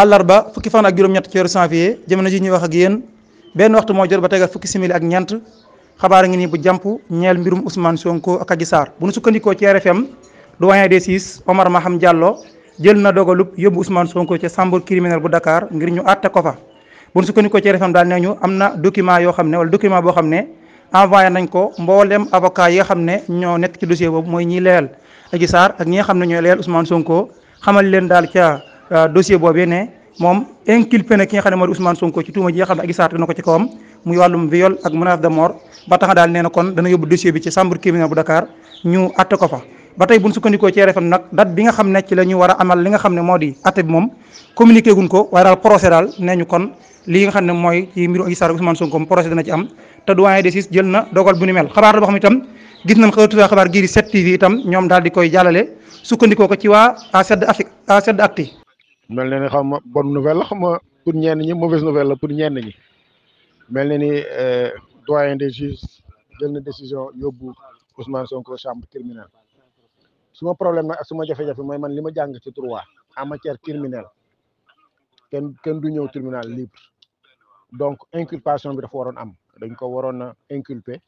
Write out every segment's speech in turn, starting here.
àllarba fukki fan ak juróom-ñett ci weeru janvier jamono ji ñuy wax ak yéen benn waxtu moo jot ba tegal fukki simili ak ñeent xabaar ngi nii bu jàmp ñeel mbirum Ousmane Sonko ak Adji Sarr bu nu sukkandikoo ci RFM doyen des six Omar Maham Diallo jël na dogalub yóbbu Ousmane Sonko ca chambre criminelle bu Dakar ngir ñu àtte ko fa bu nu sukkandikoo ci RFM daal nee ñu am na document yoo xam ne wala document boo xam ne envoyé nañ ko mboolem avocat yi nga xam ne ñoo nekk ci dossier boobu mooy ñiy leyal Adji Sarr ak ñi nga xam ne ñoo leyal Ousmane Sonko xamal leen daal ca Euh, dossier boobee ne moom inculpé na ki nga xam ne moo di Ousmane nga xam ne Adji Sarr na ko ci kawam muy wàllum viol ak menace de mort ba tax daal nee kon dana yóbbu dossier bi ci chambre criminelle bu Dakar ñu atte ko fa. ba tey buñ sukkandikoo ci RFM nag date bi nga xam ne a amal ne moo di atte bi moom communiqué guñ ko xam ne mooy ci mbiru Adji Sarr ak Ousmane Sonko dana ci am te doyen de sis jël na dogal bu ni mel xabaar la boo xam itam gis nañ xabaar gii di tv itam ñoom daal di koy jàllale sukkandikoo ko ci waa A7 mel ni xam bonne nouvelle xam pour ñenn ñi mauvaise nouvelle pour ñenn ñi mel ni euh doyen des juges jël na décision yobbu Ousmane Sonko chambre criminelle suma problème nak suma jafé jafé moy man lima jang ci droit en matière criminelle ken kenn du ñëw tribunal libre donc inculpation bi dafa waron am dañ ko waroon a inculper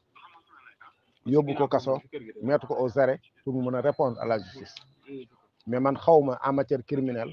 yóbbu ko kasso mettre ko aux arrêts pour mu mën répondre à la justice mais man xawma en matière criminelle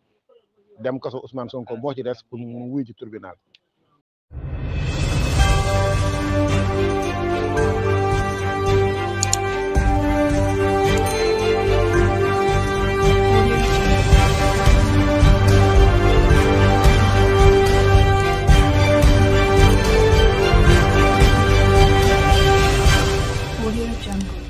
dem kasso Ousmane Sonko mo ci dess pour mu wuy ci tribunal Audio Jungle.